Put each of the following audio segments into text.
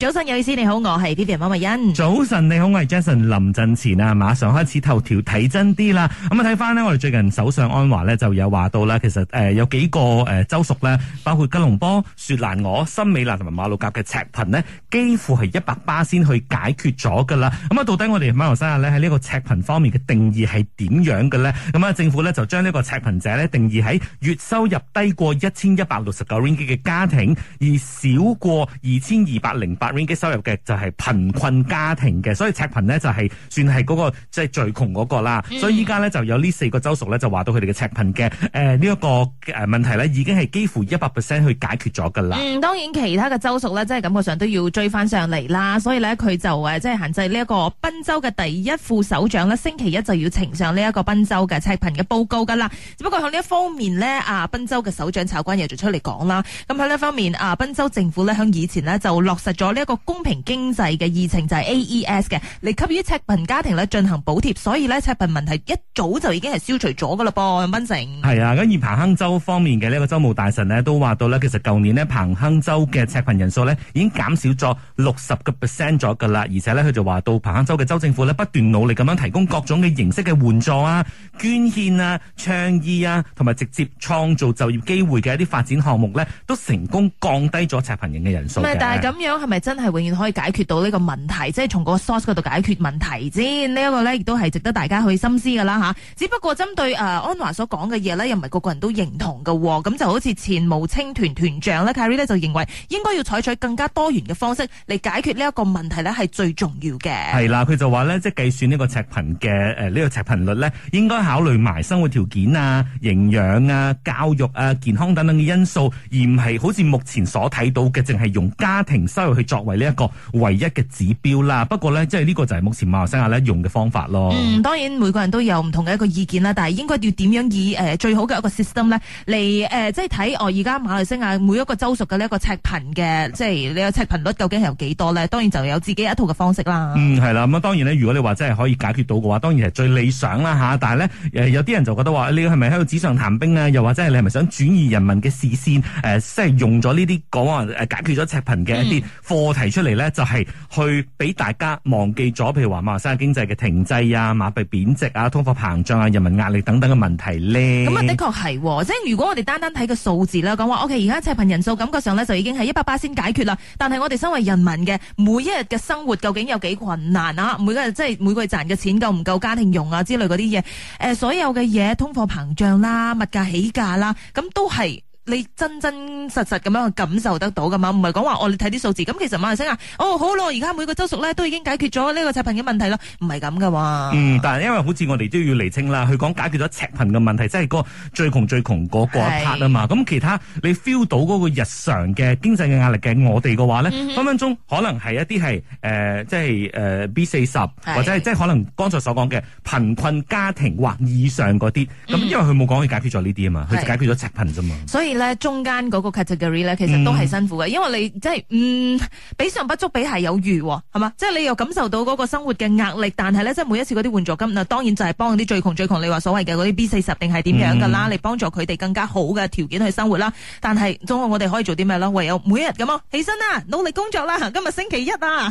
早晨，有意思，你好，我係 B B 方慧欣。早晨，你好，我係 Jason 林振前啊！馬上開始頭條睇真啲啦。咁啊，睇翻呢，我哋最近首相安華呢就有話到啦。其實誒、呃、有幾個誒、呃、州屬呢，包括吉隆坡、雪蘭莪、森美蘭同埋馬六甲嘅赤貧呢，幾乎係一百巴仙去解決咗噶啦。咁啊，到底我哋馬來西亞呢喺呢個赤貧方面嘅定義係點樣嘅呢？咁啊，政府呢就將呢個赤貧者呢定義喺月收入低過一千一百六十九令吉嘅家庭，而少過二千二百零八。Ringgit 收入嘅就係貧困家庭嘅，所以赤貧呢就係、是、算係嗰、那個即係、就是、最窮嗰個啦。嗯、所以依家呢就有呢四個州屬呢，就話到佢哋嘅赤貧嘅誒呢一個誒問題呢，已經係幾乎一百 percent 去解決咗噶啦。嗯，當然其他嘅州屬呢，即係感覺上都要追翻上嚟啦。所以呢，佢就誒即係限制呢一個賓州嘅第一副首長呢，星期一就要呈上呢一個賓州嘅赤貧嘅報告噶啦。只不過向呢一方面呢，啊賓州嘅首長查關又再出嚟講啦。咁喺呢一方面啊賓州政府呢，向以前呢就落實咗。一個公平經濟嘅議程就係 AES 嘅，嚟給予赤貧家庭咧進行補貼，所以咧赤貧問題一早就已經係消除咗噶啦噃，溫晴。係啊，咁而彭亨州方面嘅呢、這個州務大臣呢，都話到咧，其實舊年呢，彭亨州嘅赤貧人數咧已經減少咗六十個 percent 咗噶啦，而且咧佢就話到彭亨州嘅州政府咧不斷努力咁樣提供各種嘅形式嘅援助啊、捐獻啊、倡議啊，同埋直接創造就業機會嘅一啲發展項目咧，都成功降低咗赤貧人嘅人數。但係咁樣係咪？是真係永遠可以解決到呢個問題，即係從個 source 嗰度解決問題先。呢一個咧亦都係值得大家去深思噶啦吓。只不過針對誒安華所講嘅嘢，咧，又唔係個個人都認同噶。咁就好似前無青團團長咧，Carrie 咧就認為應該要採取更加多元嘅方式嚟，解決呢一個問題咧，係最重要嘅。係啦，佢就話咧，即係計算呢個赤貧嘅誒呢個赤貧率咧，應該考慮埋生活條件啊、營養啊、教育啊、健康等等嘅因素，而唔係好似目前所睇到嘅，淨係用家庭收入去作作為呢一個唯一嘅指標啦，不過咧，即係呢個就係目前馬來西亞咧用嘅方法咯。嗯，當然每個人都有唔同嘅一個意見啦，但係應該要點樣以誒、呃、最好嘅一個 system 咧嚟誒，即係睇我而家馬來西亞每一個州屬嘅呢一個赤貧嘅，即係呢個赤貧率究竟係有幾多咧？當然就有自己一套嘅方式啦。嗯，係啦，咁當然咧，如果你話真係可以解決到嘅話，當然係最理想啦吓。但係咧，有啲人就覺得話你係咪喺度紙上談兵啊？又或者係你係咪想轉移人民嘅視線？誒、呃，即係用咗呢啲講話解決咗赤貧嘅一啲貨。嗯我提出嚟咧，就係、是、去俾大家忘記咗，譬如話馬來西亞經濟嘅停滯啊、馬幣貶值啊、通貨膨脹啊、人民壓力等等嘅問題咧。咁啊、哦，的確係，即係如果我哋單單睇個數字啦，講話 OK，而家赤貧人數感覺上咧就已經係一百八先解決啦。但係我哋身為人民嘅，每一日嘅生活究竟有幾困難啊？每個日即係每個月賺嘅錢夠唔夠家庭用啊？之類嗰啲嘢，誒、呃，所有嘅嘢，通貨膨脹啦、物價起價啦，咁都係。你真真實實咁樣去感受得到噶嘛？唔係講話我哋睇啲數字咁。其實馬來西亞哦，好咯，而家每個州屬咧都已經解決咗呢個赤貧嘅問題咯，唔係咁噶喎。嗯，但係因為好似我哋都要釐清啦，佢講解決咗赤貧嘅問題，即係個最窮最窮嗰嗰一 part 啊嘛。咁是其他你 feel 到嗰個日常嘅經濟嘅壓力嘅我哋嘅話呢，分分鐘可能係一啲係誒，即係誒、呃、B 四十是或者即係可能剛才所講嘅貧困家庭或以上嗰啲。咁、嗯、因為佢冇講佢解決咗呢啲啊嘛，佢解決咗赤貧啫嘛。所以。中間嗰個 category 咧，其實都係辛苦嘅，嗯、因為你即係嗯，比上不足，比下有餘，係嘛？即、就、係、是、你又感受到嗰個生活嘅壓力，但係咧，即係每一次嗰啲援助金，嗱當然就係幫啲最窮最窮，最窮你話所謂嘅嗰啲 B 40定係點樣㗎啦？嗯、你幫助佢哋更加好嘅條件去生活啦。但係，咁我哋可以做啲咩咯？唯有每日咁啊，起身啦，努力工作啦。今日星期一啊，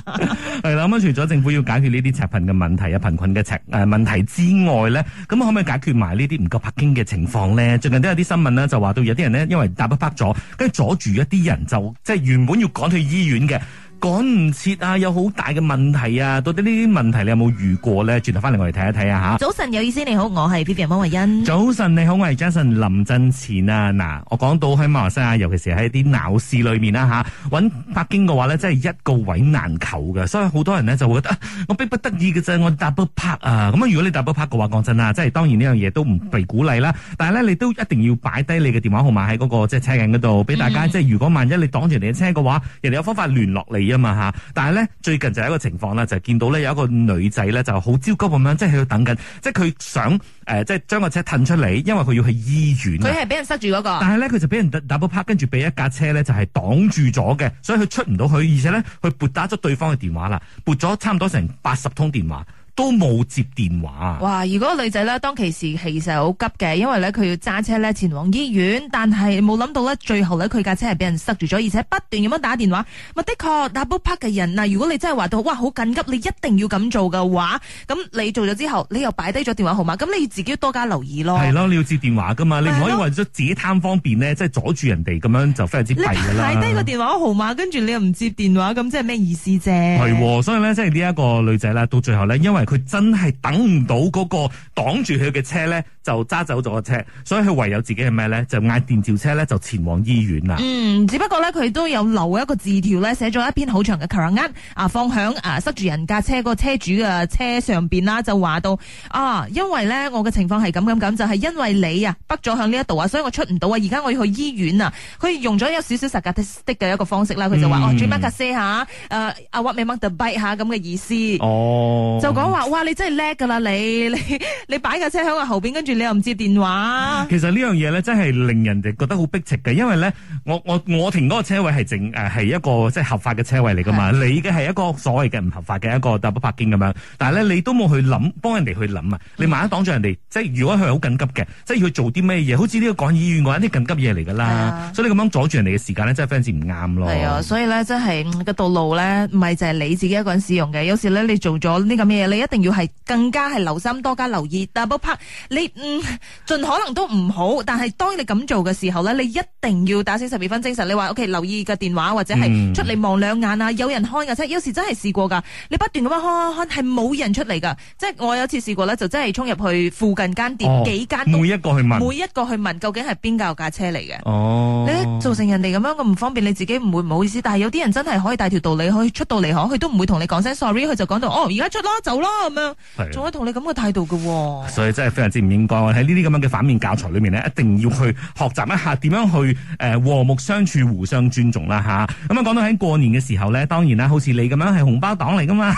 係啦。 咁除咗政府要解決呢啲貧， 貧困嘅問題啊、貧困嘅赤誒問題之外咧，咁可唔可以解決埋呢啲唔夠北京嘅情況咧？最近都有啲新聞咧，就話到有啲人咧因為搭不拍咗，跟住阻住一啲人，就即係原本要趕去醫院嘅。趕唔切啊，有好大嘅問題啊！到底呢啲問題你有冇遇過咧？轉頭翻嚟我哋睇一睇啊！吓，早晨，有意思，你好，我係 P P R 方慧欣。早晨，你好，我係 Jason 林振前啊！嗱，我講到喺馬來西亞，尤其是喺啲鬧市裏面啦吓，揾泊車嘅話咧，真係一個位難求嘅，所以好多人咧就會覺得、啊、我逼不得已嘅啫，我 double park 啊！咁啊，如果你 double park 嘅話，講真啊，即係當然呢樣嘢都唔被鼓勵啦。但係咧，你都一定要擺低你嘅電話號碼喺嗰個即係車鏡嗰度，俾大家、嗯、即係如果萬一你擋住人哋嘅車嘅話，人哋有方法聯絡你。啊嘛吓，但係咧最近就有一個情況啦，就見到咧有一個女仔咧就好焦急咁樣，即係喺度等緊，即係佢想誒，即係將個車褪出嚟，因為佢要去醫院。佢係俾人塞住嗰個，但係咧佢就俾人 double park，跟住俾一架車咧就係擋住咗嘅，所以佢出唔到去，而且咧佢撥打咗對方嘅電話啦，撥咗差唔多成八十通電話。都冇接電話哇！如果女仔咧，當其時其實好急嘅，因為咧佢要揸車咧前往醫院，但係冇諗到咧，最後咧佢架車係俾人塞住咗，而且不斷咁樣打電話。咪的確打 boop up 嘅人嗱、啊，如果你真係話到哇好緊急，你一定要咁做嘅話，咁你做咗之後，你又擺低咗電話號碼，咁你自己要多加留意咯。係咯，你要接電話噶嘛？的你唔可以為咗自己貪方便咧，即係阻住人哋咁樣就非常之弊啦。擺低個電話號碼，跟住你又唔接電話，咁即係咩意思啫？係，所以呢，即係呢一個女仔咧，到最後呢，因為佢真係等唔到嗰個擋住佢嘅車咧，就揸走咗個車，所以佢唯有自己係咩咧？就嗌電召車咧，就前往醫院啦。嗯，只不過咧，佢都有留一個字條咧，寫咗一篇好長嘅 couplet 啊，放響啊塞住人架車個車主嘅車上邊啦，就話到啊，因為咧我嘅情況係咁咁咁，就係、是、因為你啊北咗向呢一度啊，所以我出唔到啊，而家我要去醫院啊。佢用咗有少少實格的嘅一個方式啦，佢就話哦，dream car what may matter bite 吓咁嘅意思。哦，就講。哇！你真係叻噶啦，你你你擺架車喺我後邊，跟住你又唔接電話。嗯，其實呢樣嘢咧，真係令人哋覺得好逼切嘅，因為咧，我我我停嗰個車位係淨誒係一個即係合法嘅車位嚟噶嘛，的你嘅係一個所謂嘅唔合法嘅一個搭北北京咁樣。但係咧，你都冇去諗，幫人哋去諗啊！你萬一擋住人哋，即係如果佢係好緊急嘅，即係要去做啲咩嘢，好似呢個趕醫院嗰啲緊急嘢嚟噶啦。所以你咁樣阻住人哋嘅時間咧，真係非常之唔啱咯。係啊，所以咧真係個道路咧，唔係就係你自己一個人使用嘅。有時咧，你做咗呢咁嘅嘢，你一定要係更加係留心多，多加留意。Double park 你，嗯，盡可能都唔好。但係當你咁做嘅時候咧，你一定要打醒十二分精神。你話 OK，留意個電話或者係出嚟望兩眼啊，有人開嘅車有時真係試過噶。你不斷咁樣開開開，係冇人出嚟噶。即係我有次試過咧，就真係衝入去附近間店，哦、幾間度每一個去問，每一個去問究竟係邊架架車嚟嘅。哦，你做成人哋咁樣，咁唔方便，你自己唔會唔好意思。但係有啲人真係可以帶條道理去出到嚟，可佢都唔會同你講聲 sorry，佢就講到哦，而家出啦，走啦。咁、啊啊、樣，仲有同你咁嘅態度嘅、哦，所以真係非常之唔應該喺呢啲咁樣嘅反面教材裏面咧，一定要去學習一下點樣去誒和睦相處、互相尊重啦吓。咁啊，講到喺過年嘅時候咧，當然啦，好似你咁樣係紅包黨嚟噶嘛，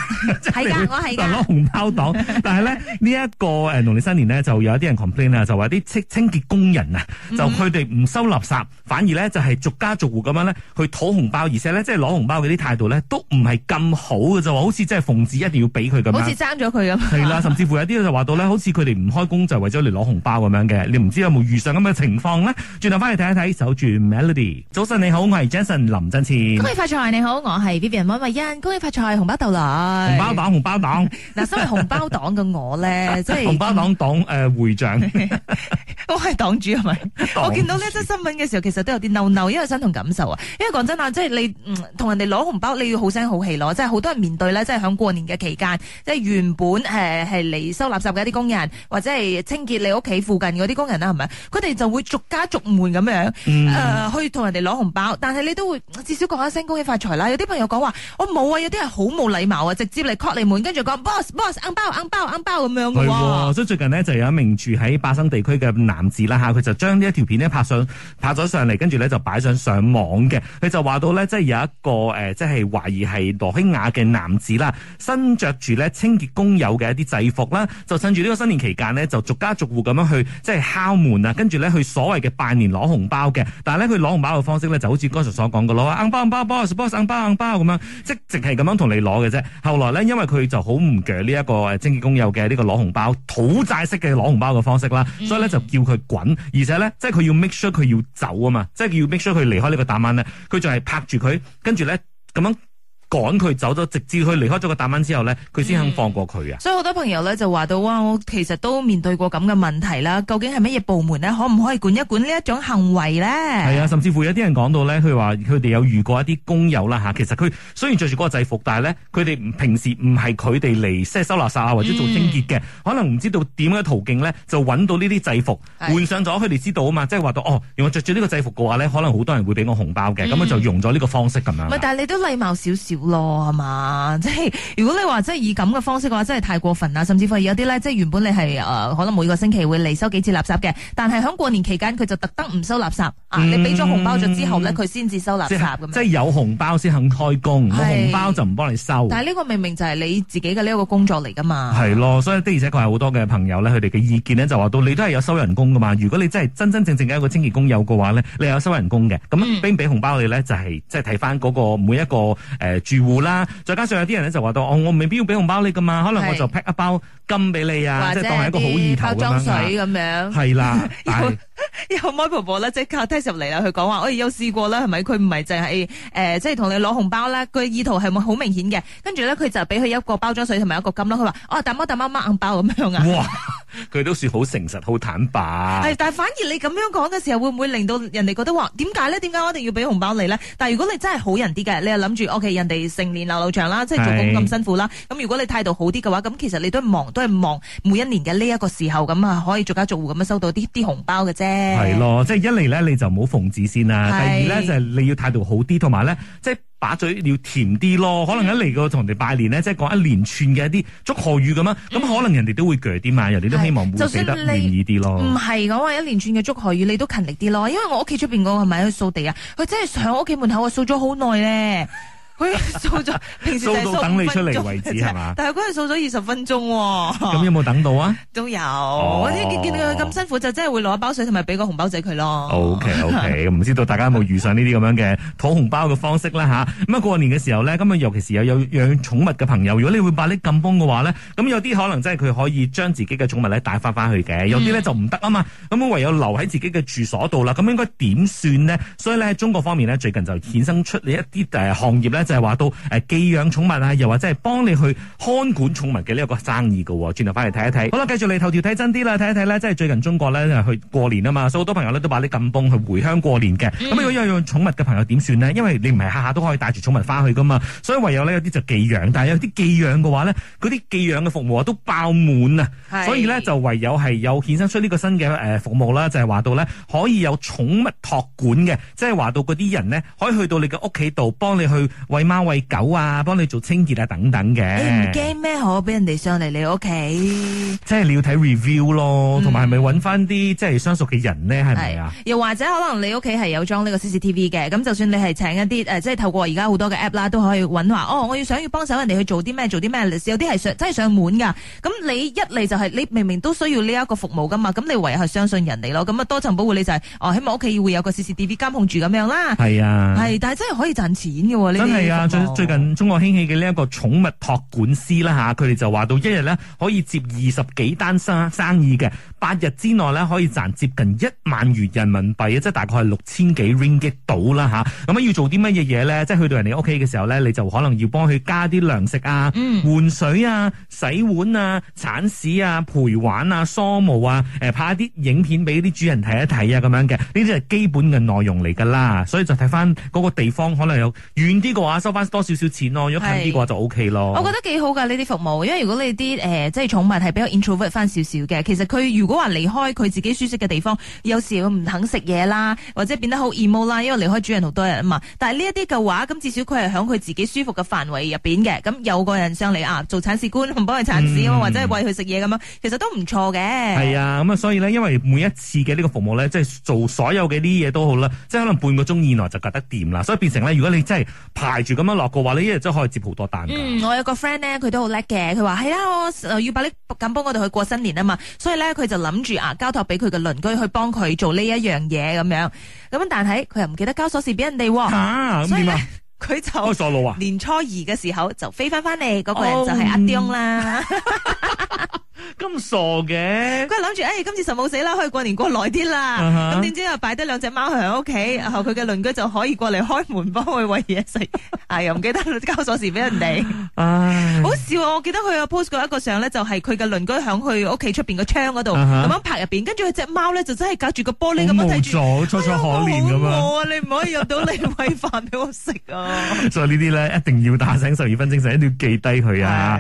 係㗎的，我係攞紅包黨。 但係咧，呢、這、一個誒農曆新年咧，就有一啲人 complain 啦，就話啲清清潔工人啊，就佢哋唔收垃圾，反而咧就係逐家逐戶咁樣咧去討紅包，而且咧即係攞紅包嗰啲態度咧都唔係咁好嘅啫，就好似即係奉旨一定要俾佢咁樣。爭咗佢咁係啦，甚至乎有啲就話到咧，好似佢哋唔開工就為咗嚟攞紅包咁樣嘅，你唔知有冇遇上咁嘅情況咧？轉頭翻嚟睇一睇，守住 Melody。早晨你好，我係 Jason 林振前。恭喜發財你好，我係 Vivian 溫慧欣。恭喜發財，紅包到嚟。紅包黨，紅包黨。嗱，身為紅包黨嘅我咧， 即係是紅包黨黨誒會長。 我係黨主係咪？是是主我見到呢則新聞嘅時候，其實都有啲嬲嬲， 因為身同感受啊。因為講真啊，即係你嗯同人哋攞紅包，你要好聲好氣攞，即係好多人面對咧，即係響過年嘅期間，即係。原本誒係嚟收垃圾嘅一啲工人，或者係清潔你屋企附近嗰啲工人啦，係咪？佢哋就會逐家逐門咁樣誒、嗯呃、去同人哋攞紅包，但係你都會至少講一聲恭喜發財啦。有啲朋友講話我冇啊，有啲係好冇禮貌啊，直接嚟 call 你門，跟住講 boss boss 硬包硬包硬包咁樣。所以最近呢，就有一名住喺巴生地區嘅男子啦嚇，佢就將呢一條片呢拍上拍咗上嚟，跟住咧就擺上上網嘅。佢就話到咧，即、就、係、是、有一個誒，即、就、係、是、懷疑係羅興亞嘅男子啦，身着住咧清，工友嘅一啲制服啦，就趁住呢個新年期間咧，就逐家逐戶咁樣去即係敲門啊，跟住咧去所謂嘅拜年攞紅包嘅。但係咧佢攞紅包嘅方式咧，就好似剛才所講嘅攞硬包硬包包 boss 硬包硬包咁樣，即係淨係咁樣同你攞嘅啫。後來咧，因為佢就好唔夾呢一個誒，清潔工友嘅呢個攞紅包土債式嘅攞紅包嘅方式啦，所以咧就叫佢滾，而且咧即係佢要 make sure 佢要走啊嘛，即係要 make sure 佢離開呢個大門啊。佢仲係拍住佢，跟住咧咁樣。趕佢走咗，直至佢離開咗個大門之後呢，佢先肯放過佢啊，嗯！所以好多朋友咧就話到哇，我其實都面對過咁嘅問題啦。究竟係乜嘢部門呢？可唔可以管一管呢一種行為呢？係啊，甚至乎有啲人講到呢，佢話佢哋有遇過一啲工友啦，吓，其實佢雖然着住嗰個制服，但係呢，佢哋平時唔係佢哋嚟，即係收垃圾啊或者做清潔嘅，嗯、可能唔知道點嘅途徑呢的，就揾到呢啲制服換上咗，佢哋知道啊嘛，即係話到哦，如果着住呢個制服嘅話呢，可能好多人會俾我紅包嘅，咁、嗯、就用咗呢個方式咁樣。唔係，但係你都禮貌少少。咯，係嘛、嗯？即係如果你話即係以咁嘅方式嘅話，真係太過分啦！甚至乎有啲咧，即係原本你係誒、呃，可能每個星期會嚟收幾次垃圾嘅，但係喺過年期間佢就特登唔收垃圾啊！你俾咗紅包咗之後呢，佢先至收垃圾。即係有紅包先肯開工，冇是紅包就唔幫你收。但係呢個明明就係你自己嘅呢一個工作嚟噶嘛。係咯，所以的而且確係好多嘅朋友咧，佢哋嘅意見呢，就話到你都係有收人工噶嘛。如果你真係真真正正嘅一個清潔工友嘅話呢，你有收人工嘅。咁邊俾紅包你咧，就係即係睇翻嗰個每一個誒。呃住戶啦，再加上有啲人咧就話到，我我未必要俾紅包你噶嘛，可能我就 pack 一包金俾你啊，即係當係一個好意頭包裝水咁樣。係樣啦，又又 my 婆婆咧即刻 test 入嚟啦，佢講話我有試過啦，係咪佢唔係淨係誒，即係同你攞紅包啦，佢意圖係咪好明顯嘅？跟住咧佢就俾佢一個包裝水同埋一個金咯，佢話我大媽大媽掹硬包咁樣啊。媽媽嗯、樣哇佢都算好誠實，好坦白。係，但係反而你咁樣講嘅時候，會唔會令到人哋覺得話點解咧？點解我一定要俾紅包你咧？但係如果你真係好人啲嘅，你又諗住 OK，人哋成年流流長啦，即係做工咁辛苦啦。咁是如果你態度好啲嘅話，咁其實你都係忙，都係忙每一年嘅呢一個時候咁啊，可以逐家逐戶咁樣收到啲啲紅包嘅啫。係咯，即、就、係、是、一嚟咧你就唔好奉旨先啦。是第二咧就係、是、你要態度好啲，同埋咧即係把嘴要甜啲咯，可能一嚟個同人哋拜年咧，即係講一連串嘅一啲祝賀語咁樣，咁、嗯、可能人哋都會鋸啲嘛，人哋都希望會俾得滿意啲咯。唔係講話一連串嘅祝賀語你都勤力啲咯，因為我屋企出邊嗰個係咪喺度掃地啊？佢真係上我屋企門口啊，掃咗好耐咧。佢做咗， 平時到等你出嚟為止係嘛？但係嗰陣做咗二十分鐘喎、啊，咁 有冇等到啊？都有，哦、我啲見見到佢咁辛苦，就真係會攞包水同埋俾個紅包仔佢咯。OK OK，唔知道大家有冇遇上呢啲咁樣嘅討紅包嘅方式啦吓，咁啊 過年嘅時候咧，今日尤其是有有養寵物嘅朋友，如果你會把啲金龜嘅話咧，咁有啲可能真係佢可以將自己嘅寵物咧帶翻翻去嘅，有啲咧就唔得啊嘛。咁、嗯、唯有留喺自己嘅住所度啦。咁應該點算呢？所以咧，中國方面咧，最近就衍生出呢一啲誒行業咧。就係話到誒寄養寵物啊，又或者係幫你去看管寵物嘅呢一個生意噶、啊。轉頭翻嚟睇一睇，好啦，繼續嚟頭條睇真啲啦，睇一睇咧，即係最近中國咧去過年啊嘛，所以好多朋友咧都話你禁崩去回鄉過年嘅。咁如果有養寵物嘅朋友點算呢？因為你唔係下下都可以帶住寵物翻去噶嘛，所以唯有呢，有啲就寄養，但係有啲寄養嘅話呢，嗰啲寄養嘅服務都爆滿啊，是所以呢，就唯有係有衍生出呢個新嘅誒、呃、服務啦，就係、是、話到呢，可以有寵物託管嘅，即係話到嗰啲人呢，可以去到你嘅屋企度幫你去。餵貓餵狗啊，幫你做清潔啊，等等嘅。你唔驚咩可俾人哋上嚟你屋企，嗯？即係你要睇 review 咯，同埋係咪揾翻啲即係相熟嘅人咧？係咪啊？又或者可能你屋企係有裝呢個 CCTV 嘅？咁就算你係請一啲、呃、即係透過而家好多嘅 app 啦，都可以揾話哦，我要想要幫手人哋去做啲咩，做啲咩？有啲係上真係上門噶。咁你一嚟就係、是、你明明都需要呢一個服務噶嘛？咁你唯有係相信人哋咯。咁啊、就是，多層保護你就係哦，希望屋企會有個 CCTV 監控住咁樣啦。係啊，係，但係真係可以賺錢嘅。最近中國興起嘅呢一個寵物託管師啦嚇，佢哋就話到一日咧可以接二十幾單生生意嘅，八日之內咧可以賺接近一萬元人民幣，即係大概係六千幾 ringgit 到啦嚇。咁啊要做啲乜嘢嘢咧？即係去到人哋屋企嘅時候咧，你就可能要幫佢加啲糧食啊、換水啊、洗碗啊、鏟屎啊、陪玩啊、梳毛啊、誒拍一啲影片俾啲主人睇一睇啊咁樣嘅，呢啲係基本嘅內容嚟㗎啦。所以就睇翻嗰個地方，可能有遠啲嘅收翻多少少錢咯，如果近啲嘅話就 O K 咯。我覺得幾好㗎呢啲服務，因為如果你啲誒、呃、即係寵物係比較 introvert 翻少少嘅，其實佢如果話離開佢自己舒適嘅地方，有時佢唔肯食嘢啦，或者變得好 emo 啦，因為離開主人好多人啊嘛。但係呢一啲嘅話，咁至少佢係喺佢自己舒服嘅範圍入邊嘅，咁有個人上嚟啊，做鏟屎官幫佢鏟屎、嗯、或者係餵佢食嘢咁樣，其實都唔錯嘅。係啊，咁啊，所以呢，因為每一次嘅呢個服務呢，即係做所有嘅呢啲嘢都好啦，即係可能半個鐘以內就夾得掂啦，所以變成咧，如果你真係住咁樣落嘅話，你一日真係可以接好多單。嗯，我有個 friend 咧，佢都好叻嘅，佢話係啊，啦我要把你咁幫我哋去過新年啊嘛，所以咧佢就諗住啊，交託俾佢嘅鄰居去幫佢做呢一樣嘢咁樣。咁但係佢又唔記得交鎖匙俾人哋喎。吓，咁點啊？佢就年初二嘅時候就飛翻翻嚟，嗰、那個人就係阿刁啦。嗯 咁傻嘅，佢諗住誒，今次實冇死啦，可以過年過耐啲啦。咁點知又擺得兩隻貓喺屋企，然後佢嘅鄰居就可以過嚟開門幫佢餵嘢食。啊、 哎，又唔記得交鎖匙俾人哋，uh huh. 好笑啊、哦！我記得佢啊 post 過一個相咧，就係佢嘅鄰居響佢屋企出邊個窗嗰度咁樣拍入邊，跟住佢隻貓咧就真係隔住個玻璃咁樣睇住，初初哎那個、好楚楚可憐噶嘛。我啊， 你唔可以入到你餵飯俾我食啊！所以呢啲咧一定要打醒十二分精神，一定要記低佢啊。